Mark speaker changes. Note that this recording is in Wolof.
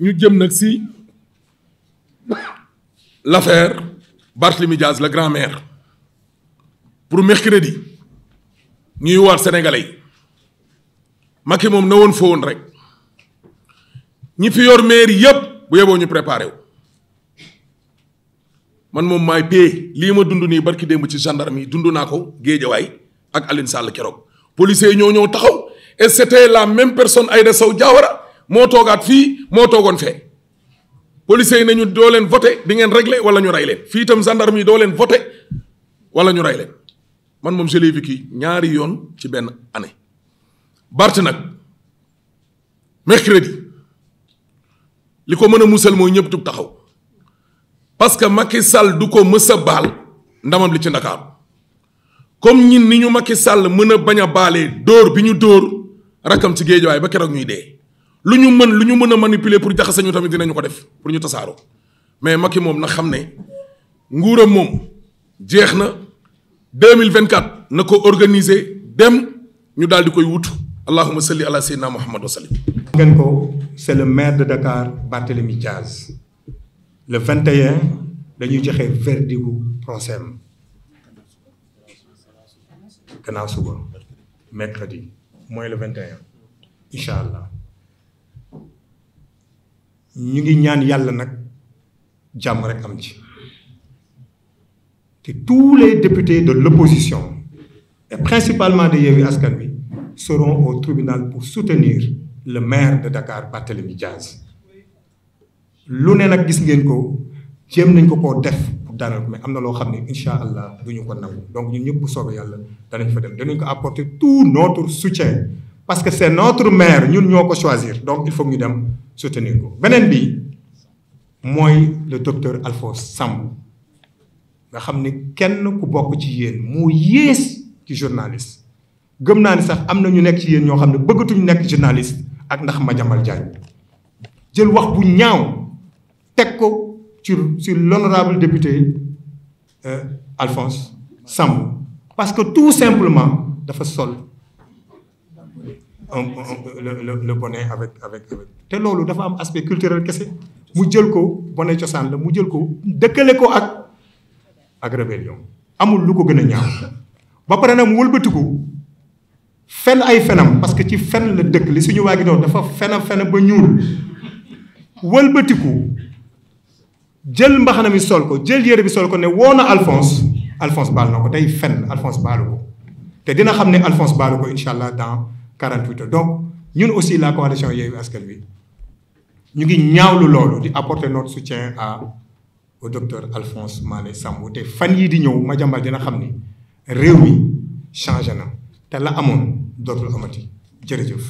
Speaker 1: ñu jëm nag si l'affaire Barthélemy Diaz le grand maire pour mercredi ñuy waar sénégalais yi Macky moom na woon foo woon rek ñi fi yor maire yëpp bu yeboo ñu préparé man moom maay pay lii ma dund nii barki démb ci gendarme yi dund naa ko géejawaay ak Aline Sall keroog policiers yi ñoo ñëw taxaw et la même personne Aïda Sow Diawara moo toogaat fii moo toogoon fee policiers yi nañu doo leen voté bi ngeen réglé wala ñu rey leen fii itam gendarme yi doo leen voté wala ñu rey leen man moom je bi vécu ñaari yoon ci benn année. Barth nag mercredi li ko mën a musal mooy ñëpp jug taxaw parce que Macky Sall du ko mës a baal ndamam li ci Ndakaaru comme ñin ni ñu Macky Sall mën a bañ a baalee dóor bi ñu dóor rakkam ci géej waaye ba keroog ñuy dee. lu ñu mën lu ñu mën a manipuler pour jaxase ñu tamit dinañu ko def pour ñu tasaaroo mais Macky moom na xam ne nguuram moom jeex na 2024 na ko organiser dem ñu daal di koy wut allahuma salli ala sayyidina muhammad wa sallim
Speaker 2: ngeen ko c'est le maire de Dakar Barthélémy Diaz le 21 dañuy joxe verdict bu procès gannaaw suba mercredi mooy le 21 incha allah ñu ngi ñaan yàlla nag jàmm rek am ci te tous les députés de l'opposition et principalement de Yewwi Askan bi seront au tribunal pour soutenir le maire de Dakar bi Diaz lu ne nag gis ngeen ko jéem nañ ko koo def pour daanal mais am na loo xam ne incha allah du ñu ko nangu donc ñun ñëpp bu soobee yàlla danañ fa dem danañ ko apporter tout notre soutien parce que c'est notre maire ñun ñoo ko choisir donc il faut ñu dem soutenir ko beneen bi mooy le docteur Alphonse Sambou nga xam ni kenn ku bokk ci yéen moo yées ci journaliste gëm naa ni sax am na ñu nekk ci yéen ñoo xam ne bëggatuñu nekk journaliste ak ndax Madiambal Diagne jël wax bu ñaaw teg ko ci sur l'honorable député euh, Alphonse Sambou parce que tout simplement dafa sol un le le le avec avec avec. te loolu dafa am aspect culturel kese mu jël ko bonnet cosaan la mu jël ko dëkkale ko ak ak rébellion amul lu ko gën a ñaaw ba pare nag mu wëlbatiku fen ay fenam parce que ci fen la dëkk li suñu waa gi doon dafa fena fena ba ñuul wëlbatiku jël mbaxana mi sol ko jël yére bi sol ko ne woo na Alphonse Alphonse baal na ko tey fen Alphonse baalu ko te dina xam ne Alphonse baalu ko incha allah dans. 48 heures donc ñun aussi la coalition Yewwi Askan Wi ñu ngi ñaaw lu loolu di apporter notre soutien à au docteur Alphonse Malé Sambou te fan yii di ñëw ma Madiambal dina xam ni réew mi changé na te la amoon dootul amati jërëjëf.